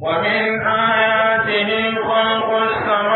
ومن آياته خلق السماوات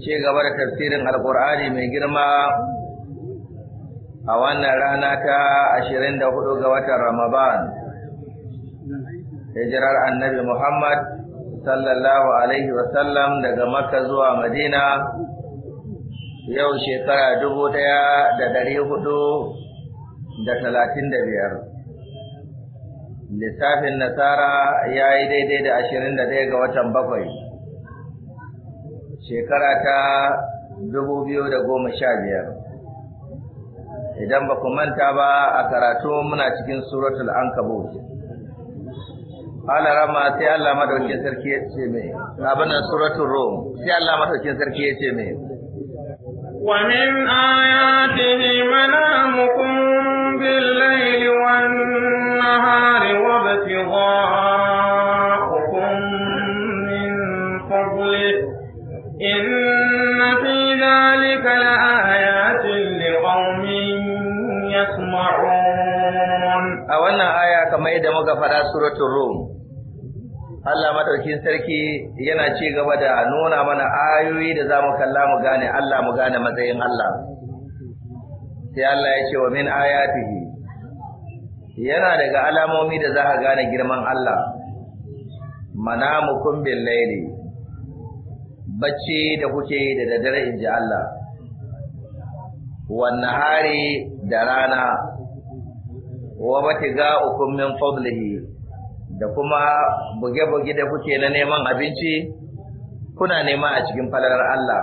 ce gaba da tafsirin alkur'ani mai girma a wannan rana ta ashirin da hudu ga watan ramadan hijirar annabi muhammad sallallahu alaihi wasallam daga makka zuwa madina yau shekara dubu daya da dari hudu da talatin da biyar lissafin nasara ya yi daidai da ashirin da daya ga watan bakwai shekara ta dubu biyu da goma sha biyar idan ba ku manta ba a karatu muna cikin suratul ala rama sai Allah madaukin sarki ya ce mai abin suratul rom sai Allah madaukin sarki ya ce mai min ayatihi منامكم kamar yadda muka fara suratul Rum Allah madaukin sarki yana ci gaba da nuna mana ayoyi da za mu kalla mu gane Allah mu gane matsayin Allah sai Allah ya ce wa min ayatihi yana daga alamomi da za ka gane girman Allah manamukum bil laili bacci da kuke da daddare inji Allah wan hari da rana wa batiga'ukum min fadlihi da kuma buge-buge da kuke na neman abinci kuna nema a cikin falalar Allah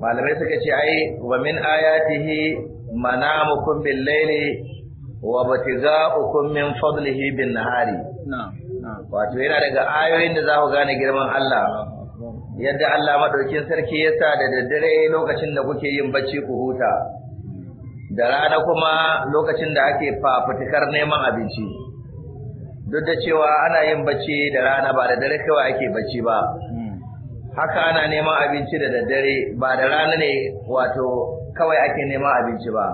malamai suka ce ai wa min ayatihi manamukum bil laili wa batiga'ukum min fadlihi bin nahari wato yana daga ayoyin da za ku gane girman Allah yadda Allah madaukin sarki yasa da daddare lokacin da kuke yin bacci ku huta da rana kuma lokacin da ake fafutukar neman abinci duk da cewa ana yin bacci da rana ba da dare kawai ake bacci ba haka ana neman abinci da daddare ba da rana ne wato kawai ake neman abinci ba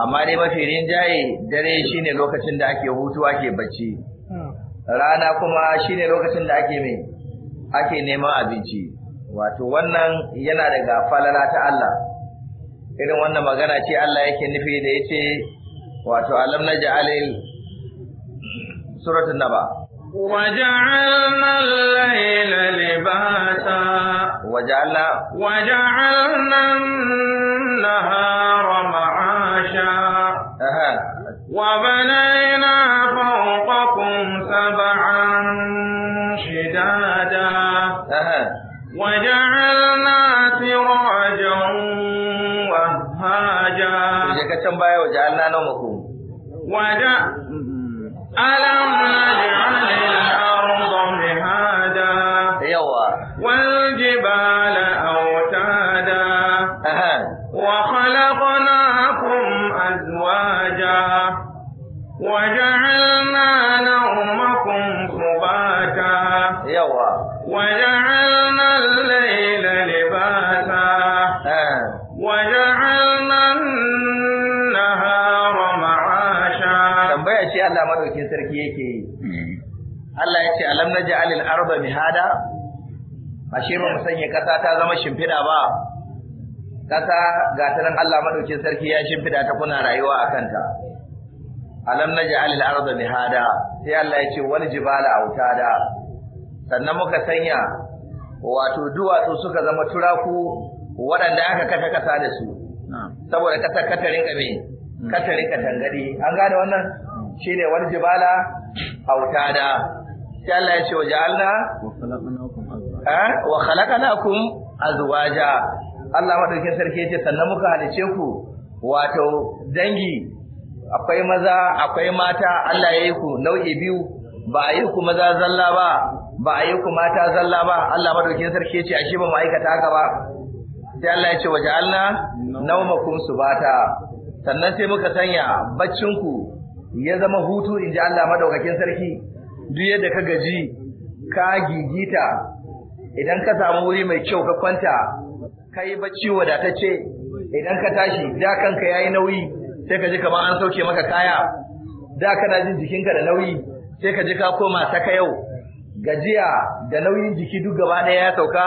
amma dai mafi rinjaye dare shine lokacin da ake hutu ake bacci rana kuma shine lokacin da ake mai ake neman abinci wato wannan yana daga falala ta Allah irin wannan magana ce Allah yake nufi da yace wato alam naj'alil suratul naba وجعلنا الليل لباسا وجعلنا وجعلنا النهار معاشا وبنينا فوقكم سبعا شدادا وجعلنا daga can baya wa ja'alna nawmakum wa da alam alam naj'al al ardha mihada ashe ba mu sanya kasa ta zama shimfida ba kasa ga ta Allah madaukin sarki ya shimfida ta kuna rayuwa a kanta alam naj'al al ardha mihada sai Allah ya ce wal jibala autada sannan muka sanya wato duwatsu suka zama turaku waɗanda aka kata kasa da su saboda kasar katarin kame katarin katangadi an gane wannan shine wal jibala autada sai Allah ya ce wa ja'alna wa khalaqnakum azwaja Allah madaukin sarki ce sannan muka halice ku wato dangi akwai maza akwai mata Allah ya yi ku nau'i biyu ba a yi ku maza zalla ba ba a yi ku mata zalla ba Allah madaukin sarki ce ashe ba mu aikata haka ba sai Allah ya ce wa ja'alna nawmakum subata sannan sai muka sanya baccin ku ya zama hutu inji Allah madaukakin sarki duk yadda ka gaji ka gigita idan ka samu wuri mai kyau ka kwanta ka yi bacci wadatacce idan ka tashi da kanka yayi nauyi sai ka ji kamar an sauke maka kaya da kana jin jikinka da nauyi sai ka ji ka koma ta ka yau gajiya da nauyin jiki duk gaba ɗaya ya sauka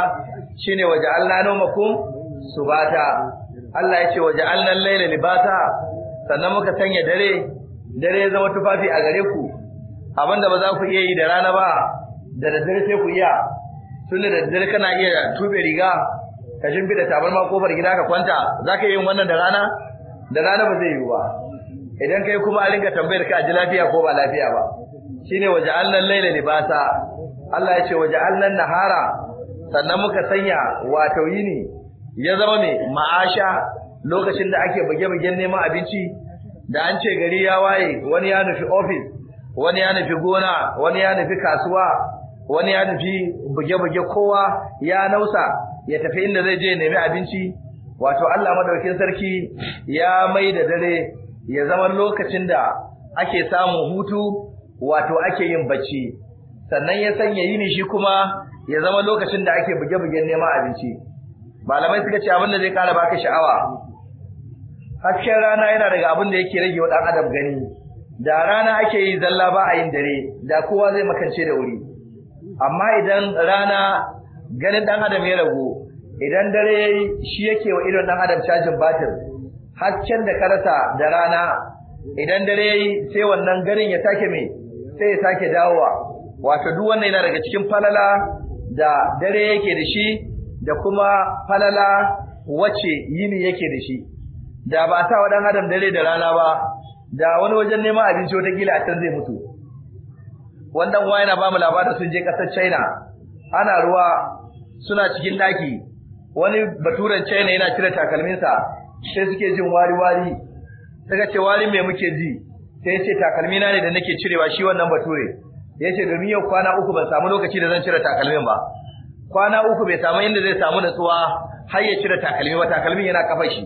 shine waje Allah su subata Allah ya ce waje Allah laila libata sannan muka sanya dare dare ya zama tufafi a gare ku abinda ba za ku iya yi da rana ba da daddare sai ku iya tunda da daddare kana iya tube riga ka shimfida tabarma kofar gida ka kwanta za ka iya yin wannan da rana da rana ba zai yiwu ba idan kai kuma a ringa tambayar ka ji lafiya ko ba lafiya ba shine waje allan laila libasa Allah ya ce waje allan nahara sannan muka sanya wato yini ya zama mai ma'asha lokacin da ake buge-bugen neman abinci da an ce gari ya waye wani ya nufi ofis wani ya nufi gona wani ya nufi kasuwa wani ya nufi buge-buge kowa ya nausa ya tafi inda zai je nemi abinci wato Allah madaukin sarki ya mai da dare ya zama lokacin da ake samun hutu wato ake yin bacci sannan ya sanya yini shi kuma ya zama lokacin da ake buge buge nema abinci malamai suka ce abin da zai kara baka sha'awa hasken rana yana daga abin da yake rage wa dan adam gani da rana ake yi zalla ba a yin dare da kowa zai makance da wuri amma idan rana ganin dan adam ya ragu idan dare yayi shi yake wa idon dan adam cajin batir hasken da karasa da rana idan dare yayi sai wannan garin ya take me sai ya take dawowa wato duk wannan yana daga cikin falala da dare yake da shi da kuma falala wace yini yake da shi da ba ta wa dan adam dare da rana ba da wani wajen neman abinci wata gila a can zai mutu wannan wa yana ba mu labarin sun je kasar China ana ruwa suna cikin daki wani baturen China yana cire takalminsa sai suke jin wari wari suka ce wari me muke ji sai ce takalmina ne da nake cirewa shi wannan bature yace domin yau kwana uku ban samu lokaci da zan cire takalmin ba kwana uku bai samu inda zai samu natsuwa har ya cire takalmi ba takalmin yana kafa shi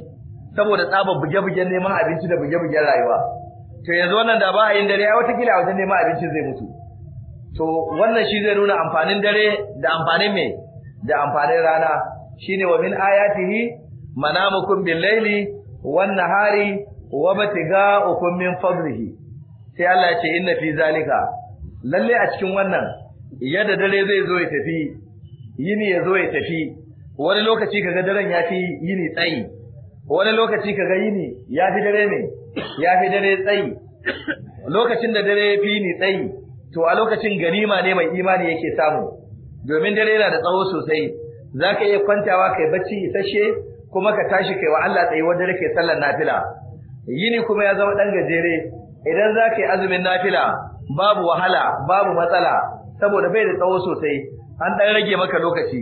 saboda tsaba buge-bugen neman abinci da buge-bugen rayuwa to yanzu wannan da ba a yin dare ai watakila a wajen neman abinci zai mutu to wannan shi zai nuna amfanin dare da amfanin me da amfanin rana shine wa min ayatihi manamukum bil laili wan nahari wa batiga'ukum min fadlihi sai Allah ya ce inna fi zalika lalle a cikin wannan yadda dare zai zo ya tafi yini ya zo ya tafi wani lokaci kaga daren ya fi yini tsayi wani lokaci ka gayi yini ya fi dare ne ya fi dare tsayi lokacin da dare ya fi ni tsayi to a lokacin ganima ne mai imani yake samu domin dare yana da tsawo sosai za ka iya kwantawa kai bacci isasshe kuma ka tashi kai wa Allah tsaye wanda rake sallar nafila yini kuma ya zama ɗan gajere idan za ka yi azumin nafila babu wahala babu matsala saboda bai da tsawo sosai an ɗan rage maka lokaci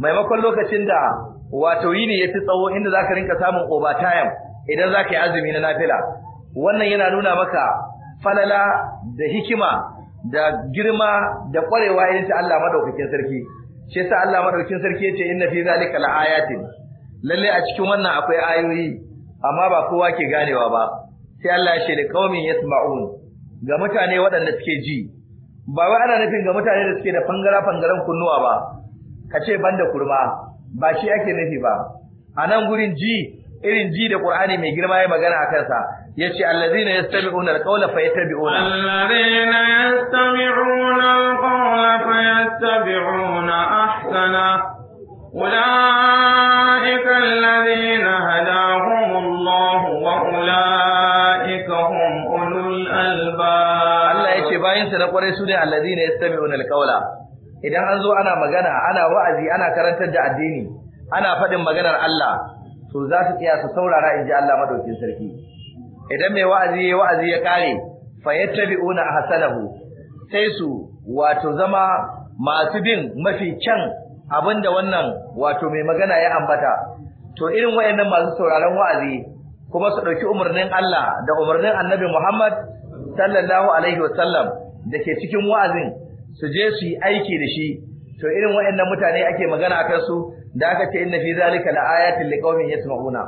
maimakon lokacin da wato yini ya fi tsawo inda zaka rinka samun obatayam idan zaka yi azumi na nafila wannan yana nuna maka falala da hikima da girma da kwarewa idan ta Allah madaukakin sarki shi yasa Allah madaukakin sarki yace inna fi zalika laayatin lalle a cikin wannan akwai ayoyi amma ba kowa ke ganewa ba sai Allah ya ce da qaumin yasma'un ga mutane waɗanda suke ji ba wai ana nufin ga mutane da suke da fangara fangaran kunnuwa ba kace banda kurma ba shi ake nufi ba a nan gurin ji irin ji da Qur'ani mai girma ya magana akan sa yace allazina yastami'una alqawla fayattabi'una allazina yastami'una alqawla fayattabi'una ahsana ulaika allazina allah wa ulaika hum ulul albab Allah yace bayin sa na kware su ne allazina yastami'una alqawla idan an zo ana magana ana wa'azi ana karantar da addini ana faɗin maganar Allah to za su tsaya su saurara in ji Allah madaukin sarki idan mai wa'azi ya wa'azi ya kare fa yattabi'una ahsanahu sai su wato zama masu bin mafi kyan abinda wannan wato mai magana ya ambata to irin wayannan masu sauraron wa'azi kuma su ɗauki umarnin Allah da umarnin Annabi Muhammad sallallahu alaihi wasallam da ke cikin wa'azin su je su yi aiki da shi to irin waɗannan mutane ake magana akan su da aka ce inna fi zalika laayatin liqaumin yasma'una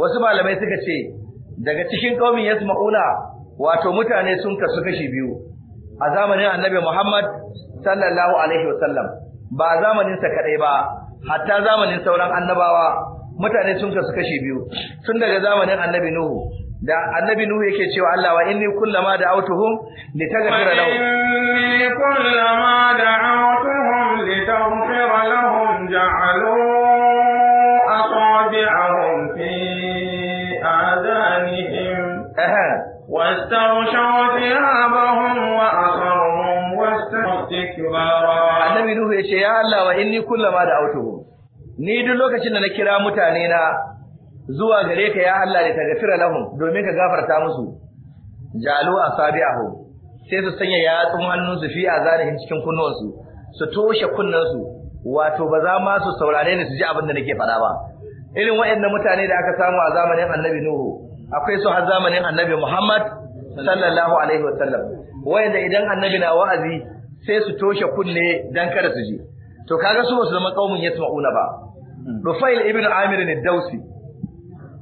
wasu malamai suka ce daga cikin qaumin yasma'una wato mutane sun kasu kashi biyu a zamanin annabi Muhammad sallallahu alaihi wasallam ba zamanin sa kadai ba hatta zamanin sauran annabawa mutane sun kasu kashi biyu tun daga zamanin annabi Nuhu da annabi nuhu yake cewa Allah wa inni kullama da'awtuhum litaghfira lahum inni kullama da'awtuhum litaghfira lahum ja'alu asabi'ahum fi adanihim واستغشوا wa وأصرهم annabi nuhu نوح يقول Allah wa inni kullama da'awtuhum ni duk lokacin da na kira mutane na zuwa gare ka ya Allah da tagfira lahum domin ka gafarta musu jalu asabi'ahu sai su sanya yatsun hannunsu fi azanihim cikin kunnuwansu su toshe su wato ba za ma su saurare ni su ji abin da nake faɗa ba irin waɗannan mutane da aka samu a zamanin Annabi Nuhu akwai su har zamanin Annabi Muhammad sallallahu alaihi wa sallam wanda idan Annabi na wa'azi sai su toshe kunne dan kada su ji to kaga su ba su zama kaumun yasma'una ba hmm. Rufail ibn Amir ne Dausi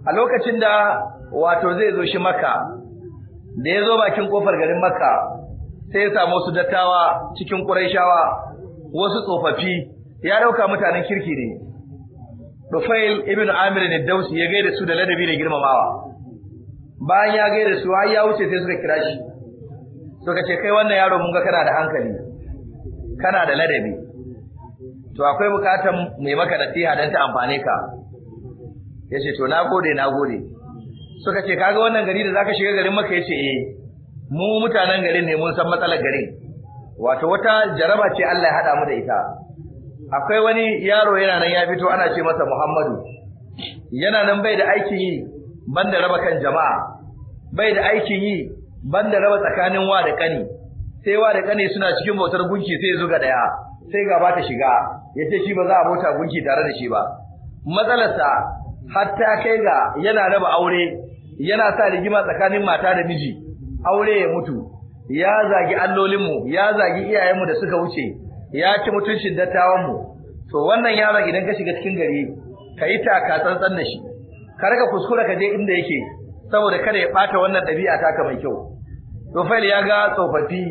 a lokacin da wato zai zo shi Makka da ya zo bakin kofar garin Makka sai ya samu wasu dattawa cikin ƙuraishawa wasu tsofaffi ya ɗauka mutanen kirki ne Rufail ibn Amir ne Dausi ya gaida su da ladabi da girmamawa bayan ya gaida su har ya wuce sai suka kira shi suka ce kai wannan yaro mun ga kana da hankali kana da ladabi to akwai bukatar mai maka nasiha dan ta amfane ka ya ce to na gode na gode suka ce kaga wannan gari da zaka shiga garin maka ya ce eh mu mutanen garin ne mun san matsalar garin wato wata jaraba ce Allah ya hada mu da ita akwai wani yaro yana nan ya fito ana ce masa Muhammadu yana nan bai da aikin yi banda raba kan jama'a bai da aikin yi banda raba tsakanin wa da kani sai wa da kani suna cikin bautar gunki sai zuga daya sai gaba ta shiga yace shi ba za a bauta gunki tare da shi ba matsalarsa hatta kai ga yana raba aure yana sa rigima tsakanin mata da miji aure ya mutu ya zagi allolin mu ya zagi iyayen mu da suka wuce ya ci mutuncin dattawanmu to wannan yaron idan ka shiga cikin gari ka yi taka tsantsan da shi ka raka kuskura ka je inda yake saboda kada ya bata wannan ɗabi'ata ka mai kyau fail ya ga tsofaffi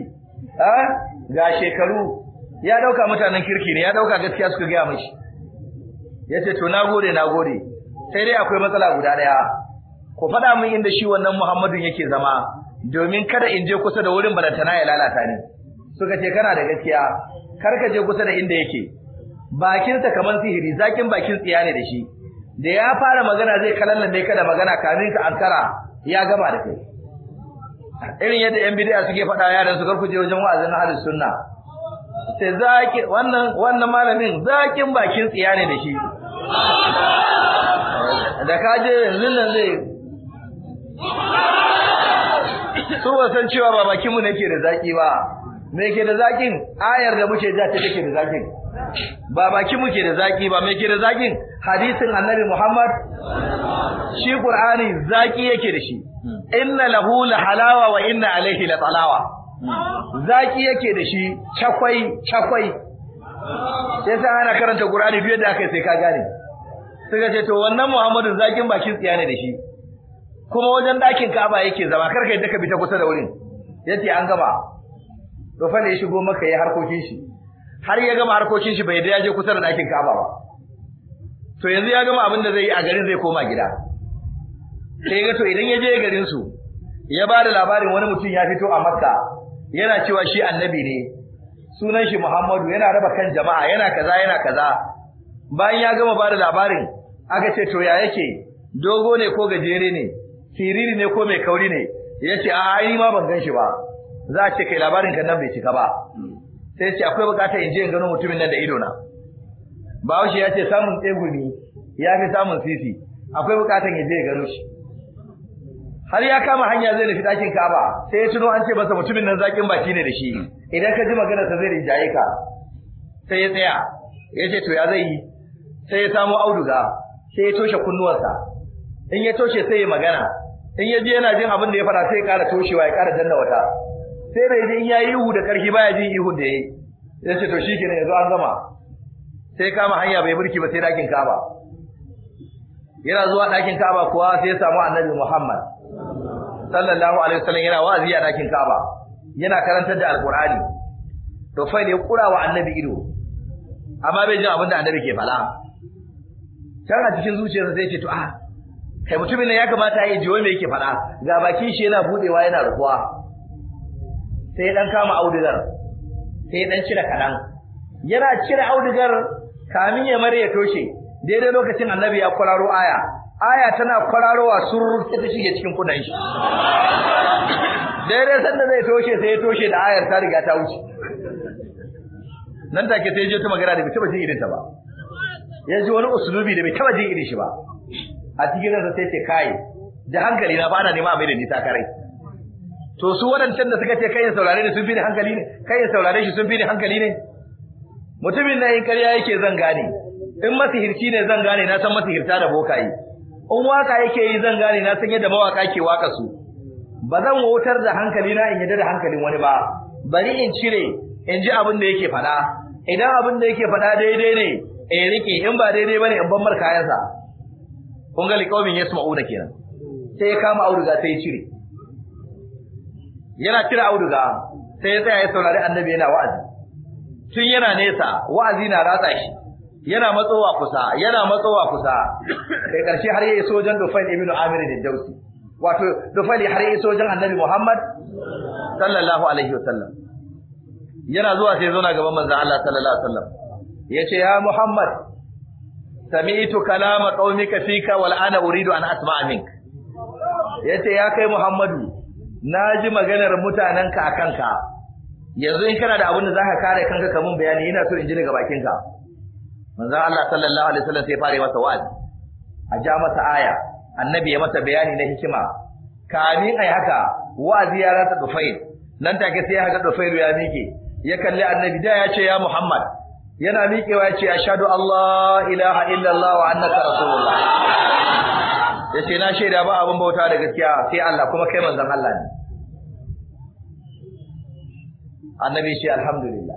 ga shekaru ya dauka mutanen kirki ne ya dauka gaskiya suka gaya mashi yace to nagode nagode sai dai akwai matsala guda daya ku faɗa min inda shi wannan Muhammadun yake zama domin kada in je kusa da wurin balantana ya lalata ni suka ce kana da gaskiya kar ka je kusa da inda yake bakinsa kamar sihiri zakin bakin tsiya ne da shi da ya fara magana zai kalallabe ka da magana kamin ka ankara ya gama da kai irin yadda yan bid'a suke faɗa yaran su kar ku je wajen wa'azin ahlus sunna sai zaki wannan wannan malamin zakin bakin tsiya ne da shi da ka je yanzu nan zai su ba san cewa ba bakinmu mu nake da zaki ba me ke da zakin ayar da muke ja ta take da zakin ba baki muke da zaki ba me ke da zakin hadisin annabi Muhammad shi Qur'ani zaki yake da shi inna lahu la halawa wa inna alaihi la talawa zaki yake da shi chakwai chakwai sai ana karanta Qur'ani fiye da kai sai ka gane suka ce to wannan Muhammadu zakin bakin tsiya ne da shi kuma wajen dakin Ka'aba yake zama karka yadda ka bi ta kusa da wurin yace an gama to fa ne ya shigo maka harkokin shi har ya gama harkokin shi bai da ya je kusa da dakin Ka'aba ba to yanzu ya gama abin da zai yi a garin zai koma gida sai ga to idan ya je garin su ya ba da labarin wani mutum ya fito a Makka yana cewa shi annabi ne sunan shi Muhammadu yana raba kan jama'a yana kaza yana kaza bayan ya gama bada labarin aka ce to ya yake dogo ne ko gajere ne siriri ne ko mai kauri ne yace a ai ma ban gan shi ba za a ce kai labarin kan nan bai cika ba sai ce akwai bukatar in je in gano mutumin nan da ido na Bahaushe ya ce samun tsegumi ya fi samun sisi akwai bukatar ya je ya gano shi har ya kama hanya zai nufi ɗakin kaba. sai ya tuno an ce masa mutumin nan zakin baki ne da shi idan ka ji magana sa zai rinjaye ka sai ya tsaya ya ce to ya zai yi sai ya samu auduga sai ya toshe kunnuwarsa in ya toshe sai ya magana in ya ji yana jin abin da ya fara sai ya ƙara toshewa ya ƙara danna wata sai da ji in ya yi ihu da ƙarfi baya jin ihun da ya yi ya ce to shi shikenan yanzu an gama sai kama hanya bai burki ba sai dakin kaba. yana zuwa dakin kaba kuwa sai ya samu Annabi Muhammad sallallahu alaihi wasallam yana wa'azi a dakin kaba. yana karantar da Alƙur'ani to fa ne kura wa Annabi ido amma bai jin abin da Annabi ke fala tana cikin zuciyarsa sai ce to a ah, kai mutumin nan ya kamata ya ji wai me yake faɗa ga bakin shi yana budewa yana rufuwa sai dan kama audigar sai dan cire kadan yana cire audigar kamin ya mare ya toshe daidai lokacin annabi ya kwararo aya aya tana kwararowa surur sai ta shige cikin kudan shi daidai da zai toshe sai ya toshe da ayar ta riga ta wuce nan take sai je ta magana da bai ba shi irin ta ba ya ji wani usulubi da bai taba jin irin shi ba a cikin ransa sai ce kai da hankali na bana nema mai da ni takarai to su wadancan da suka ce kai ya saurare ni sun fi ni hankali ne kai saurare shi sun fi ni hankali ne mutumin nan in karya yake zan gane in masihirci ne zan gane na san masihirta da bokaye in waka yake yi zan gane na san yadda mawaka ke waka su ba zan wutar da hankali na in yadda da hankalin wani ba bari in cire in ji abin da yake faɗa idan abin da yake faɗa daidai ne eh rike in ba daidai bane in ban mar kayansa kun ga liqaumin yasma'una kenan sai ya kama auduga sai ya cire yana cire auduga sai ya tsaya ya saurari annabi yana wa'azi tun yana nesa wa'azi na ratsa shi yana matsowa kusa yana matsowa kusa kai karshe har yayi sojan Dufail ibn Amir da Dausi wato Dufail har yayi sojan annabi Muhammad sallallahu alaihi wasallam yana zuwa sai zauna gaban manzon Allah sallallahu alaihi wasallam Ya ce, ya Muhammad sami'tu kalama qaumika fika wal ana uridu an asma'a mink ce ya kai Muhammadu naji maganar mutanenka kanka. yanzu in kana da abin da zaka kare kanka kamun bayani ina so in ji daga bakinka manzon Allah sallallahu alaihi wasallam sai fare masa wa'azi a ja masa aya annabi ya masa bayani na hikima kamin ai haka wa'azi ya rasa dufai, nan take sai ya ga dufai ya mike ya kalli annabi da ya ce ya Muhammad yana miƙewa yace ashhadu Allah ilaha illallah wa annaka rasulullah yace na shaida ba abin bauta da gaskiya sai Allah kuma kai manzon Allah ne annabi ce alhamdulillah